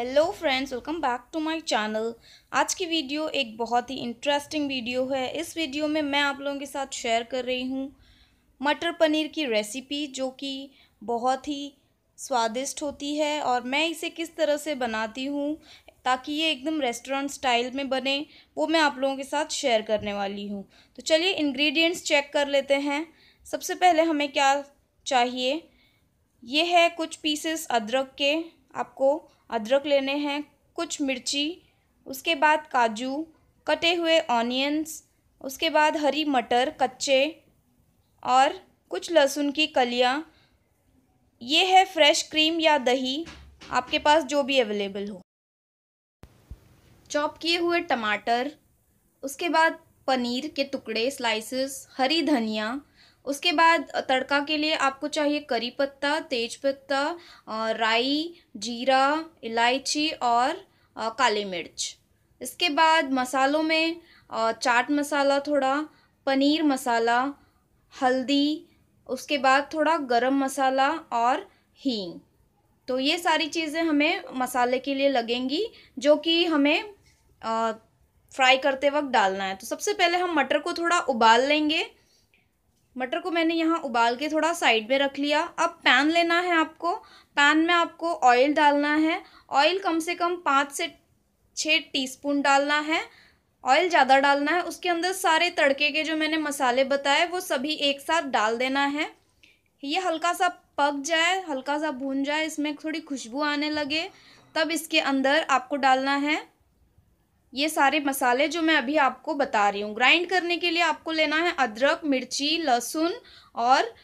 hello friends welcome back to my channel आज की video एक बहुत ही इंटरेस्टिंग वीडियो है इस वीडियो में मैं आप लोगों के साथ शेयर कर रही हूँ मटर पनीर की रेसिपी जो कि बहुत ही स्वादिष्ट होती है और मैं इसे किस तरह से बनाती हूँ ताकि ये एकदम रेस्टोरेंट स्टाइल में बने वो मैं आप लोगों के साथ शेयर करने वाली हूँ तो चलिए इन्ग्रीडियंट्स चेक कर लेते हैं सबसे पहले हमें क्या चाहिए ये है कुछ पीसेस अदरक के आपको अदरक लेने हैं कुछ मिर्ची उसके बाद काजू कटे हुए ऑनियंस उसके बाद हरी मटर कच्चे और कुछ लहसुन की कलियाँ ये है फ्रेश क्रीम या दही आपके पास जो भी अवेलेबल हो चॉप किए हुए टमाटर उसके बाद पनीर के टुकड़े स्लाइसेस हरी धनिया उसके बाद तड़का के लिए आपको चाहिए करी पत्ता तेज पत्ता राई जीरा इलायची और काली मिर्च इसके बाद मसालों में चाट मसाला थोड़ा पनीर मसाला हल्दी उसके बाद थोड़ा गरम मसाला और हींग तो ये सारी चीज़ें हमें मसाले के लिए लगेंगी जो कि हमें फ्राई करते वक्त डालना है तो सबसे पहले हम मटर को थोड़ा उबाल लेंगे मटर को मैंने यहाँ उबाल के थोड़ा साइड में रख लिया अब पैन लेना है आपको पैन में आपको ऑयल डालना है ऑयल कम से कम पाँच से छः टीस्पून डालना है ऑयल ज़्यादा डालना है उसके अंदर सारे तड़के के जो मैंने मसाले बताए वो सभी एक साथ डाल देना है ये हल्का सा पक जाए हल्का सा भून जाए इसमें थोड़ी खुशबू आने लगे तब इसके अंदर आपको डालना है ये सारे मसाले जो मैं अभी आपको बता रही हूँ ग्राइंड करने के लिए आपको लेना है अदरक मिर्ची लहसुन और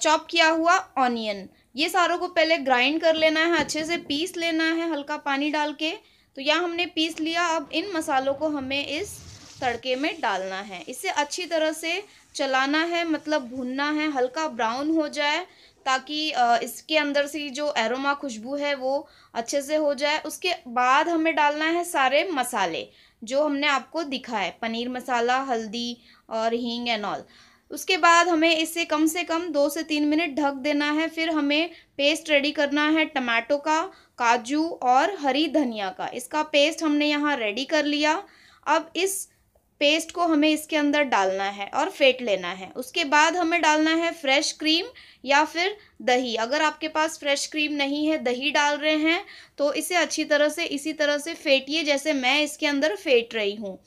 चॉप किया हुआ ऑनियन ये सारों को पहले ग्राइंड कर लेना है अच्छे से पीस लेना है हल्का पानी डाल के तो यह हमने पीस लिया अब इन मसालों को हमें इस तड़के में डालना है इसे अच्छी तरह से चलाना है मतलब भूनना है हल्का ब्राउन हो जाए ताकि इसके अंदर से जो एरोमा खुशबू है वो अच्छे से हो जाए उसके बाद हमें डालना है सारे मसाले जो हमने आपको दिखा है पनीर मसाला हल्दी और हींग एंड ऑल उसके बाद हमें इसे कम से कम दो से तीन मिनट ढक देना है फिर हमें पेस्ट रेडी करना है टमाटो का काजू और हरी धनिया का इसका पेस्ट हमने यहाँ रेडी कर लिया अब इस पेस्ट को हमें इसके अंदर डालना है और फेंट लेना है उसके बाद हमें डालना है फ्रेश क्रीम या फिर दही अगर आपके पास फ्रेश क्रीम नहीं है दही डाल रहे हैं तो इसे अच्छी तरह से इसी तरह से फेंटिए जैसे मैं इसके अंदर फेंट रही हूँ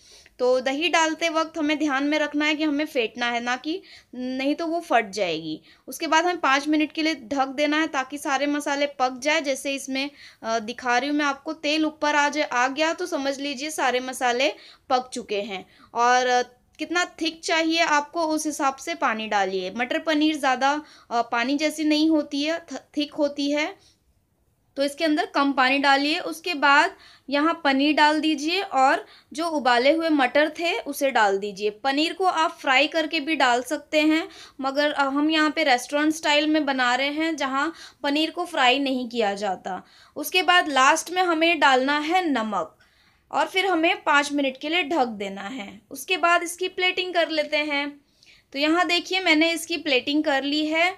तो दही डालते वक्त हमें ध्यान में रखना है कि हमें फेंटना है ना कि नहीं तो वो फट जाएगी उसके बाद हमें पाँच मिनट के लिए ढक देना है ताकि सारे मसाले पक जाए जैसे इसमें दिखा रही हूँ मैं आपको तेल ऊपर आ जाए आ गया तो समझ लीजिए सारे मसाले पक चुके हैं और कितना थिक चाहिए आपको उस हिसाब से पानी डालिए मटर पनीर ज़्यादा पानी जैसी नहीं होती है थिक होती है तो इसके अंदर कम पानी डालिए उसके बाद यहाँ पनीर डाल दीजिए और जो उबाले हुए मटर थे उसे डाल दीजिए पनीर को आप फ्राई करके भी डाल सकते हैं मगर हम यहाँ पे रेस्टोरेंट स्टाइल में बना रहे हैं जहाँ पनीर को फ्राई नहीं किया जाता उसके बाद लास्ट में हमें डालना है नमक और फिर हमें पाँच मिनट के लिए ढक देना है उसके बाद इसकी प्लेटिंग कर लेते हैं तो यहाँ देखिए मैंने इसकी प्लेटिंग कर ली है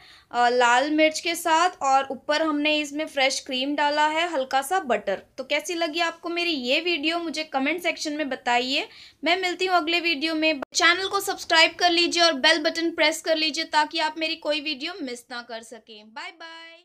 लाल मिर्च के साथ और ऊपर हमने इसमें फ्रेश क्रीम डाला है हल्का सा बटर तो कैसी लगी आपको मेरी ये वीडियो मुझे कमेंट सेक्शन में बताइए मैं मिलती हूँ अगले वीडियो में चैनल को सब्सक्राइब कर लीजिए और बेल बटन प्रेस कर लीजिए ताकि आप मेरी कोई वीडियो मिस ना कर सकें बाय बाय